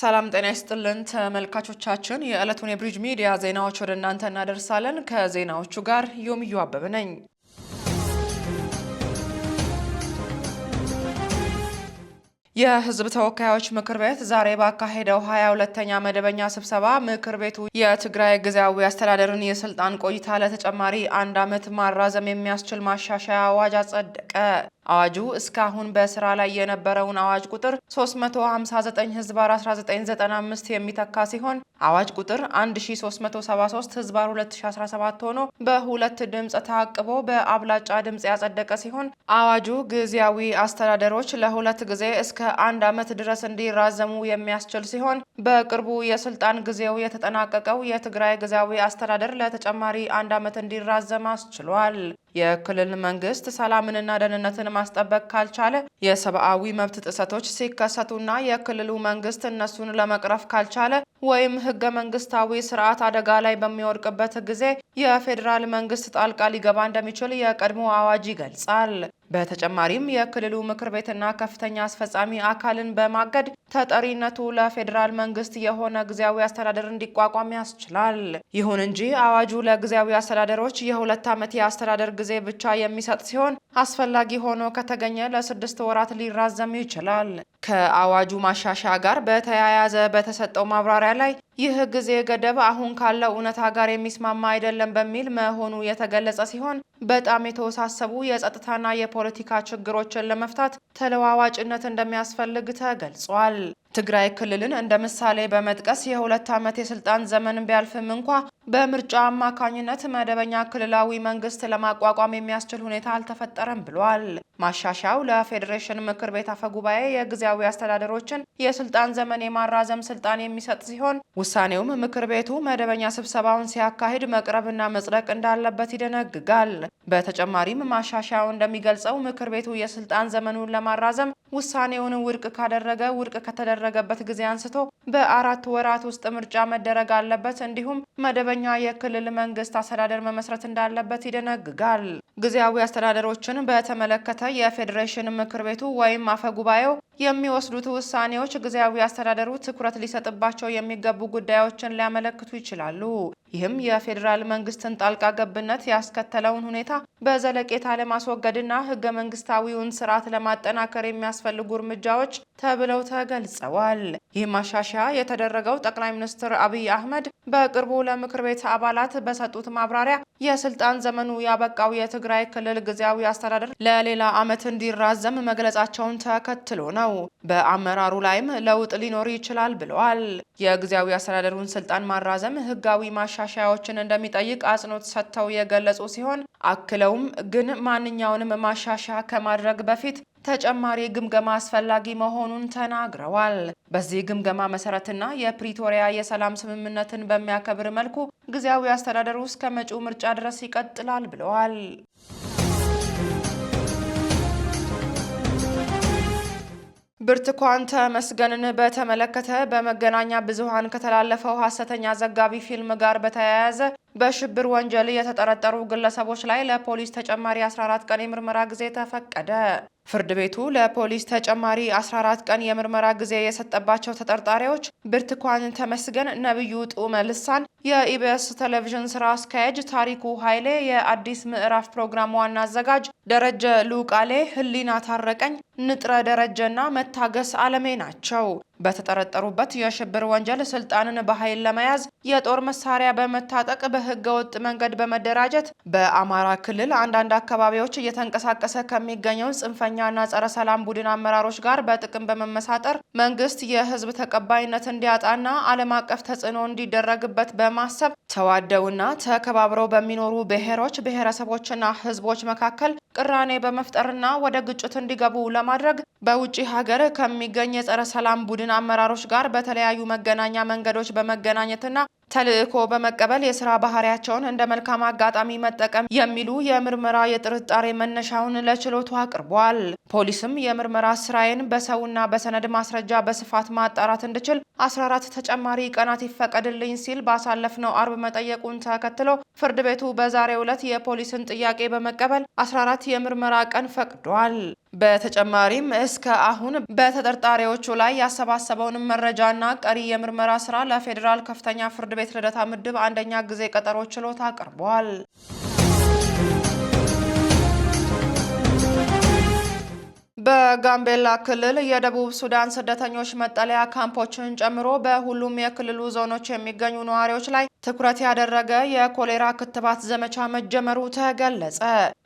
ሰላም ጤና ይስጥልን ተመልካቾቻችን፣ የዕለቱን የብሪጅ ሚዲያ ዜናዎች ወደ እናንተ እናደርሳለን። ከዜናዎቹ ጋር ዮምዩ አበበ ነኝ። የሕዝብ ተወካዮች ምክር ቤት ዛሬ ባካሄደው ሀያ ሁለተኛ መደበኛ ስብሰባ ምክር ቤቱ የትግራይ ጊዜያዊ አስተዳደርን የስልጣን ቆይታ ለተጨማሪ አንድ ዓመት ማራዘም የሚያስችል ማሻሻያ አዋጅ አጸደቀ። አዋጁ እስካሁን በስራ ላይ የነበረውን አዋጅ ቁጥር 359 ህዝባር 1995 የሚተካ ሲሆን አዋጅ ቁጥር 1373 ህዝባር 2017 ሆኖ በሁለት ድምፅ ታቅቦ በአብላጫ ድምፅ ያጸደቀ ሲሆን አዋጁ ጊዜያዊ አስተዳደሮች ለሁለት ጊዜ እስከ አንድ ዓመት ድረስ እንዲራዘሙ የሚያስችል ሲሆን በቅርቡ የስልጣን ጊዜው የተጠናቀቀው የትግራይ ጊዜያዊ አስተዳደር ለተጨማሪ አንድ ዓመት እንዲራዘም አስችሏል። የክልል መንግስት ሰላምንና ደህንነትን ማስጠበቅ ካልቻለ የሰብአዊ መብት ጥሰቶች ሲከሰቱና የክልሉ መንግስት እነሱን ለመቅረፍ ካልቻለ ወይም ህገ መንግስታዊ ስርዓት አደጋ ላይ በሚወድቅበት ጊዜ የፌዴራል መንግስት ጣልቃ ሊገባ እንደሚችል የቀድሞ አዋጅ ይገልጻል። በተጨማሪም የክልሉ ምክር ቤትና ከፍተኛ አስፈጻሚ አካልን በማገድ ተጠሪነቱ ለፌዴራል መንግስት የሆነ ጊዜያዊ አስተዳደር እንዲቋቋም ያስችላል። ይሁን እንጂ አዋጁ ለጊዜያዊ አስተዳደሮች የሁለት ዓመት የአስተዳደር ጊዜ ብቻ የሚሰጥ ሲሆን አስፈላጊ ሆኖ ከተገኘ ለስድስት ወራት ሊራዘም ይችላል። ከአዋጁ ማሻሻያ ጋር በተያያዘ በተሰጠው ማብራሪያ ላይ ይህ ጊዜ ገደብ አሁን ካለው እውነታ ጋር የሚስማማ አይደለም በሚል መሆኑ የተገለጸ ሲሆን በጣም የተወሳሰቡ የጸጥታና የፖለቲካ ችግሮችን ለመፍታት ተለዋዋጭነት እንደሚያስፈልግ ተገልጿል። ትግራይ ክልልን እንደ ምሳሌ በመጥቀስ የሁለት ዓመት የስልጣን ዘመን ቢያልፍም እንኳ በምርጫ አማካኝነት መደበኛ ክልላዊ መንግስት ለማቋቋም የሚያስችል ሁኔታ አልተፈጠረም ብሏል። ማሻሻያው ለፌዴሬሽን ምክር ቤት አፈ ጉባኤ የጊዜያዊ አስተዳደሮችን የስልጣን ዘመን የማራዘም ስልጣን የሚሰጥ ሲሆን ውሳኔውም ምክር ቤቱ መደበኛ ስብሰባውን ሲያካሂድ መቅረብና መጽደቅ እንዳለበት ይደነግጋል። በተጨማሪም ማሻሻያው እንደሚገልጸው ምክር ቤቱ የስልጣን ዘመኑን ለማራዘም ውሳኔውን ውድቅ ካደረገ ውድቅ ከተደረገበት ጊዜ አንስቶ በአራት ወራት ውስጥ ምርጫ መደረግ አለበት እንዲሁም መደበ መደበኛ የክልል መንግስት አስተዳደር መመስረት እንዳለበት ይደነግጋል። ጊዜያዊ አስተዳደሮችን በተመለከተ የፌዴሬሽን ምክር ቤቱ ወይም አፈ ጉባኤው የሚወስዱት ውሳኔዎች ጊዜያዊ አስተዳደሩ ትኩረት ሊሰጥባቸው የሚገቡ ጉዳዮችን ሊያመለክቱ ይችላሉ። ይህም የፌዴራል መንግስትን ጣልቃ ገብነት ያስከተለውን ሁኔታ በዘለቄታ ለማስወገድና ህገ መንግስታዊውን ስርዓት ለማጠናከር የሚያስፈልጉ እርምጃዎች ተብለው ተገልጸዋል። ይህ ማሻሻያ የተደረገው ጠቅላይ ሚኒስትር አብይ አህመድ በቅርቡ ለምክር ምክር ቤት አባላት በሰጡት ማብራሪያ የስልጣን ዘመኑ ያበቃው የትግራይ ክልል ጊዜያዊ አስተዳደር ለሌላ ዓመት እንዲራዘም መግለጻቸውን ተከትሎ ነው። በአመራሩ ላይም ለውጥ ሊኖር ይችላል ብለዋል። የጊዜያዊ አስተዳደሩን ስልጣን ማራዘም ህጋዊ ማሻሻያዎችን እንደሚጠይቅ አጽንኦት ሰጥተው የገለጹ ሲሆን አክለውም ግን ማንኛውንም ማሻሻያ ከማድረግ በፊት ተጨማሪ ግምገማ አስፈላጊ መሆኑን ተናግረዋል። በዚህ ግምገማ መሰረትና የፕሪቶሪያ የሰላም ስምምነትን በሚያከብር መልኩ ጊዜያዊ አስተዳደሩ እስከ መጪው ምርጫ ድረስ ይቀጥላል ብለዋል። ብርቱካን ተመስገንን በተመለከተ በመገናኛ ብዙኃን ከተላለፈው ሐሰተኛ ዘጋቢ ፊልም ጋር በተያያዘ በሽብር ወንጀል የተጠረጠሩ ግለሰቦች ላይ ለፖሊስ ተጨማሪ 14 ቀን የምርመራ ጊዜ ተፈቀደ። ፍርድ ቤቱ ለፖሊስ ተጨማሪ 14 ቀን የምርመራ ጊዜ የሰጠባቸው ተጠርጣሪዎች ብርቱካን ተመስገን፣ ነብዩ ጡመ ልሳን፣ የኢቢኤስ ቴሌቪዥን ስራ አስኪያጅ ታሪኩ ኃይሌ፣ የአዲስ ምዕራፍ ፕሮግራም ዋና አዘጋጅ ደረጀ ሉቃሌ፣ ህሊና ታረቀኝ፣ ንጥረ ደረጀና መታገስ አለሜ ናቸው። በተጠረጠሩበት የሽብር ወንጀል ስልጣንን በኃይል ለመያዝ የጦር መሳሪያ በመታጠቅ በህገወጥ መንገድ በመደራጀት በአማራ ክልል አንዳንድ አካባቢዎች እየተንቀሳቀሰ ከሚገኘው ጽንፈኛና ጸረ ሰላም ቡድን አመራሮች ጋር በጥቅም በመመሳጠር መንግስት የህዝብ ተቀባይነት እንዲያጣና ዓለም አቀፍ ተጽዕኖ እንዲደረግበት በማሰብ ተዋደውና ተከባብረው በሚኖሩ ብሔሮች ብሔረሰቦችና ህዝቦች መካከል ቅራኔ በመፍጠርና ወደ ግጭት እንዲገቡ ለማድረግ በውጭ ሀገር ከሚገኝ የጸረ ሰላም ቡድን አመራሮች ጋር በተለያዩ መገናኛ መንገዶች በመገናኘትና ተልእኮ በመቀበል የስራ ባህሪያቸውን እንደ መልካም አጋጣሚ መጠቀም የሚሉ የምርመራ የጥርጣሬ መነሻውን ለችሎቱ አቅርቧል። ፖሊስም የምርመራ ስራዬን በሰውና በሰነድ ማስረጃ በስፋት ማጣራት እንድችል 14 ተጨማሪ ቀናት ይፈቀድልኝ ሲል ባሳለፍነው አርብ መጠየቁን ተከትሎ ፍርድ ቤቱ በዛሬው ዕለት የፖሊስን ጥያቄ በመቀበል 14 የምርመራ ቀን ፈቅዷል። በተጨማሪም እስከ አሁን በተጠርጣሪዎቹ ላይ ያሰባሰበውን መረጃና ቀሪ የምርመራ ስራ ለፌዴራል ከፍተኛ ፍርድ ቤት ቤት ልደታ ምድብ አንደኛ ጊዜ ቀጠሮ ችሎት አቅርቧል። በጋምቤላ ክልል የደቡብ ሱዳን ስደተኞች መጠለያ ካምፖችን ጨምሮ በሁሉም የክልሉ ዞኖች የሚገኙ ነዋሪዎች ላይ ትኩረት ያደረገ የኮሌራ ክትባት ዘመቻ መጀመሩ ተገለጸ።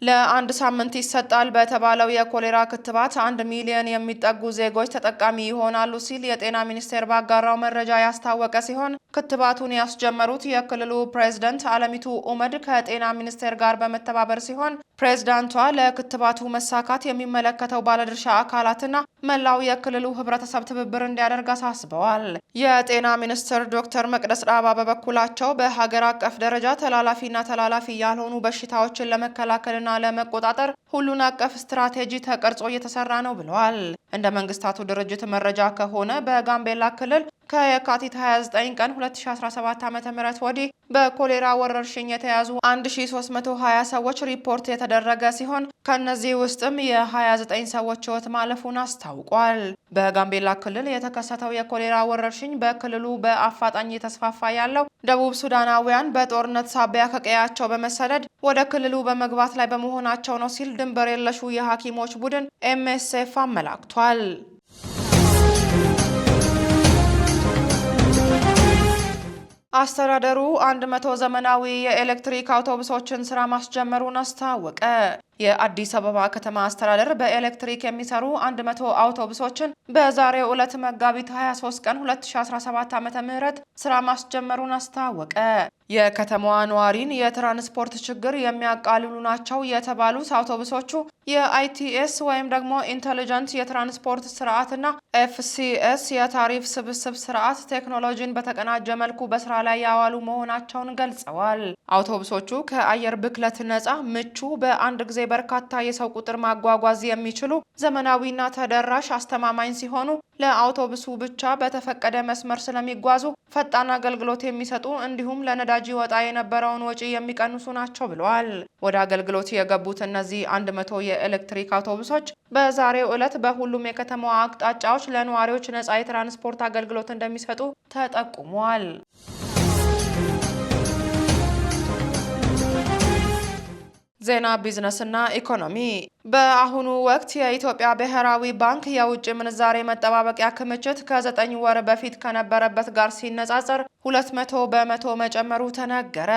ለአንድ ሳምንት ይሰጣል በተባለው የኮሌራ ክትባት አንድ ሚሊዮን የሚጠጉ ዜጎች ተጠቃሚ ይሆናሉ ሲል የጤና ሚኒስቴር ባጋራው መረጃ ያስታወቀ ሲሆን ክትባቱን ያስጀመሩት የክልሉ ፕሬዝደንት አለሚቱ ኡመድ ከጤና ሚኒስቴር ጋር በመተባበር ሲሆን ፕሬዝዳንቷ ለክትባቱ መሳካት የሚመለከተው ባለድርሻ አካላትና መላው የክልሉ ህብረተሰብ ትብብር እንዲያደርግ አሳስበዋል። የጤና ሚኒስትር ዶክተር መቅደስ ዳባ በበኩላቸው በመሆናቸው በሀገር አቀፍ ደረጃ ተላላፊና ተላላፊ ያልሆኑ በሽታዎችን ለመከላከልና ለመቆጣጠር ሁሉን አቀፍ ስትራቴጂ ተቀርጾ እየተሰራ ነው ብለዋል። እንደ መንግስታቱ ድርጅት መረጃ ከሆነ በጋምቤላ ክልል ከየካቲት 29 ቀን 2017 ዓ ም ወዲህ በኮሌራ ወረርሽኝ የተያዙ 1320 ሰዎች ሪፖርት የተደረገ ሲሆን ከእነዚህ ውስጥም የ29 ሰዎች ሕይወት ማለፉን አስታውቋል። በጋምቤላ ክልል የተከሰተው የኮሌራ ወረርሽኝ በክልሉ በአፋጣኝ የተስፋፋ ያለው ደቡብ ሱዳናውያን በጦርነት ሳቢያ ከቀያቸው በመሰደድ ወደ ክልሉ በመግባት ላይ በመሆናቸው ነው ሲል ድንበር የለሹ የሐኪሞች ቡድን ኤምኤስኤፍ አመላክቷል። አስተዳደሩ 100 ዘመናዊ የኤሌክትሪክ አውቶቡሶችን ስራ ማስጀመሩን አስታወቀ። የአዲስ አበባ ከተማ አስተዳደር በኤሌክትሪክ የሚሰሩ 100 አውቶቡሶችን በዛሬው ዕለት መጋቢት 23 ቀን 2017 ዓ.ም ስራ ማስጀመሩን አስታወቀ። የከተማዋ ነዋሪን የትራንስፖርት ችግር የሚያቃልሉ ናቸው የተባሉት አውቶቡሶቹ የአይቲኤስ ወይም ደግሞ ኢንቴሊጀንት የትራንስፖርት ስርዓትና ኤፍሲኤስ የታሪፍ ስብስብ ስርዓት ቴክኖሎጂን በተቀናጀ መልኩ በስራ ላይ ያዋሉ መሆናቸውን ገልጸዋል። አውቶቡሶቹ ከአየር ብክለት ነጻ፣ ምቹ፣ በአንድ ጊዜ በርካታ የሰው ቁጥር ማጓጓዝ የሚችሉ ዘመናዊና ተደራሽ አስተማማኝ ሲሆኑ ለአውቶቡሱ ብቻ በተፈቀደ መስመር ስለሚጓዙ ፈጣን አገልግሎት የሚሰጡ እንዲሁም ለነዳጅ ወጣ የነበረውን ወጪ የሚቀንሱ ናቸው ብለዋል። ወደ አገልግሎት የገቡት እነዚህ 100 የኤሌክትሪክ አውቶቡሶች በዛሬው ዕለት በሁሉም የከተማዋ አቅጣጫዎች ለነዋሪዎች ነጻ የትራንስፖርት አገልግሎት እንደሚሰጡ ተጠቁሟል። ዜና ቢዝነስና ኢኮኖሚ። በአሁኑ ወቅት የኢትዮጵያ ብሔራዊ ባንክ የውጭ ምንዛሬ መጠባበቂያ ክምችት ከዘጠኝ ወር በፊት ከነበረበት ጋር ሲነጻጸር መቶ በመቶ መጨመሩ ተነገረ።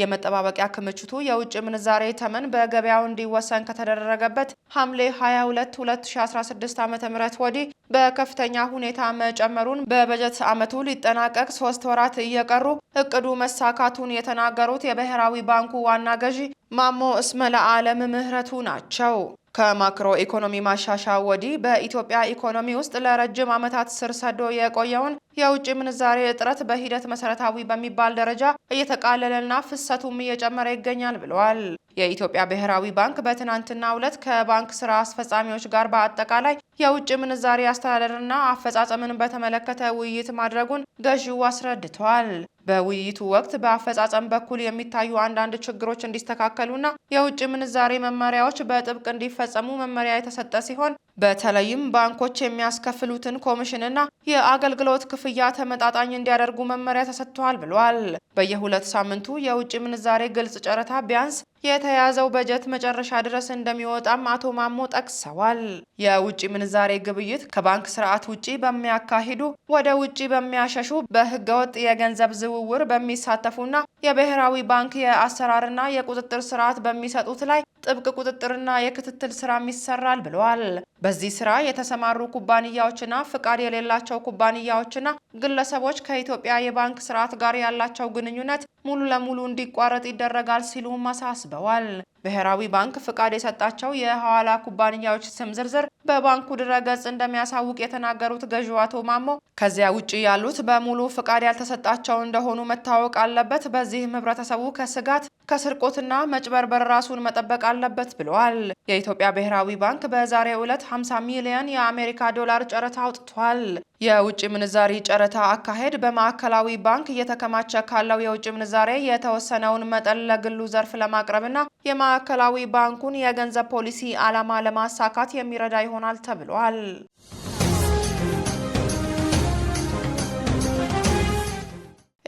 የመጠባበቂያ ክምችቱ የውጭ ምንዛሬ ተመን በገበያው እንዲወሰን ከተደረገበት ሐምሌ 22 2016 ዓ ም ወዲህ በከፍተኛ ሁኔታ መጨመሩን በበጀት ዓመቱ ሊጠናቀቅ ሶስት ወራት እየቀሩ እቅዱ መሳካቱን የተናገሩት የብሔራዊ ባንኩ ዋና ገዢ ማሞ እስመ ለዓለም ምህረቱ ናቸው። ከማክሮ ኢኮኖሚ ማሻሻያ ወዲህ በኢትዮጵያ ኢኮኖሚ ውስጥ ለረጅም ዓመታት ስር ሰዶ የቆየውን የውጭ ምንዛሬ እጥረት በሂደት መሰረታዊ በሚባል ደረጃ እየተቃለለና ፍሰቱም እየጨመረ ይገኛል ብለዋል። የኢትዮጵያ ብሔራዊ ባንክ በትናንትናው ዕለት ከባንክ ስራ አስፈጻሚዎች ጋር በአጠቃላይ የውጭ ምንዛሬ አስተዳደርና አፈጻጸምን በተመለከተ ውይይት ማድረጉን ገዢው አስረድቷል። በውይይቱ ወቅት በአፈጻጸም በኩል የሚታዩ አንዳንድ ችግሮች እንዲስተካከሉና የውጭ ምንዛሬ መመሪያዎች በጥብቅ እንዲፈጸሙ መመሪያ የተሰጠ ሲሆን በተለይም ባንኮች የሚያስከፍሉትን ኮሚሽንና የአገልግሎት ክፍያ ተመጣጣኝ እንዲያደርጉ መመሪያ ተሰጥቷል ብሏል። በየሁለት ሳምንቱ የውጭ ምንዛሬ ግልጽ ጨረታ ቢያንስ የተያዘው በጀት መጨረሻ ድረስ እንደሚወጣም አቶ ማሞ ጠቅሰዋል። የውጭ ምንዛሬ ግብይት ከባንክ ስርዓት ውጪ በሚያካሂዱ ወደ ውጪ በሚያሸሹ በህገወጥ የገንዘብ ዝው ዝውውር በሚሳተፉና የብሔራዊ ባንክ የአሰራርና የቁጥጥር ስርዓት በሚሰጡት ላይ ጥብቅ ቁጥጥርና የክትትል ስራም ይሰራል ብለዋል። በዚህ ስራ የተሰማሩ ኩባንያዎችና ፍቃድ የሌላቸው ኩባንያዎችና ግለሰቦች ከኢትዮጵያ የባንክ ስርዓት ጋር ያላቸው ግንኙነት ሙሉ ለሙሉ እንዲቋረጥ ይደረጋል ሲሉም አሳስበዋል። ብሔራዊ ባንክ ፍቃድ የሰጣቸው የሐዋላ ኩባንያዎች ስም ዝርዝር በባንኩ ድረገጽ እንደሚያሳውቅ የተናገሩት ገዢው አቶ ማሞ ከዚያ ውጭ ያሉት በሙሉ ፍቃድ ያልተሰጣቸው እንደሆኑ መታወቅ አለበት። በዚህም ህብረተሰቡ ከስጋት ከስርቆትና መጭበርበር ራሱን መጠበቅ አለበት ብለዋል። የኢትዮጵያ ብሔራዊ ባንክ በዛሬው ዕለት 50 ሚሊዮን የአሜሪካ ዶላር ጨረታ አውጥቷል። የውጭ ምንዛሪ ጨረታ አካሄድ በማዕከላዊ ባንክ እየተከማቸ ካለው የውጭ ምንዛሬ የተወሰነውን መጠን ለግሉ ዘርፍ ለማቅረብና የማዕከላዊ ባንኩን የገንዘብ ፖሊሲ ዓላማ ለማሳካት የሚረዳ ይሆናል ተብሏል።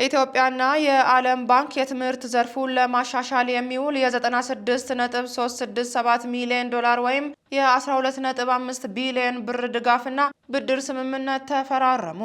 ኢትዮጵያና የዓለም ባንክ የትምህርት ዘርፉን ለማሻሻል የሚውል የ96.367 ሚሊዮን ዶላር ወይም የ12.5 ቢሊዮን ብር ድጋፍና ብድር ስምምነት ተፈራረሙ።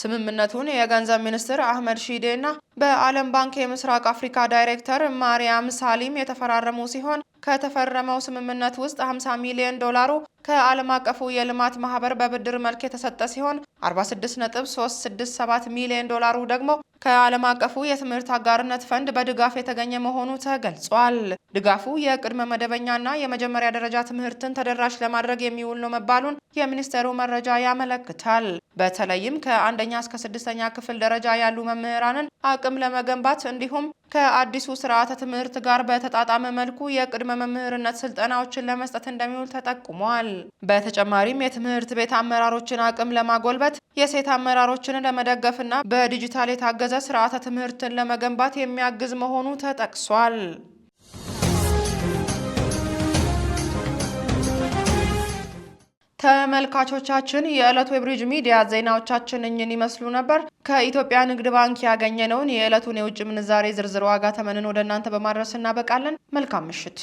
ስምምነቱን የገንዘብ ሚኒስትር አህመድ ሺዴ እና በዓለም ባንክ የምስራቅ አፍሪካ ዳይሬክተር ማርያም ሳሊም የተፈራረሙ ሲሆን ከተፈረመው ስምምነት ውስጥ 50 ሚሊዮን ዶላሩ ከዓለም አቀፉ የልማት ማህበር በብድር መልክ የተሰጠ ሲሆን 46.367 ሚሊዮን ዶላሩ ደግሞ ከዓለም አቀፉ የትምህርት አጋርነት ፈንድ በድጋፍ የተገኘ መሆኑ ተገልጿል። ድጋፉ የቅድመ መደበኛና የመጀመሪያ ደረጃ ትምህርትን ተደራሽ ለማድረግ የሚውል ነው መባሉን የሚኒስቴሩ መረጃ ያመለክታል። በተለይም ከአንደኛ እስከ ስድስተኛ ክፍል ደረጃ ያሉ መምህራንን አቅም ለመገንባት እንዲሁም ከአዲሱ ስርዓተ ትምህርት ጋር በተጣጣመ መልኩ የቅድመ መምህርነት ስልጠናዎችን ለመስጠት እንደሚውል ተጠቁሟል። በተጨማሪም የትምህርት ቤት አመራሮችን አቅም ለማጎልበት የሴት አመራሮችን ለመደገፍና በዲጂታል የታገዘ ስርዓተ ትምህርትን ለመገንባት የሚያግዝ መሆኑ ተጠቅሷል። ተመልካቾቻችን የዕለቱ የብሪጅ ሚዲያ ዜናዎቻችን እኝን ይመስሉ ነበር። ከኢትዮጵያ ንግድ ባንክ ያገኘነውን የዕለቱን የውጭ ምንዛሬ ዝርዝር ዋጋ ተመንን ወደ እናንተ በማድረስ እናበቃለን። መልካም ምሽት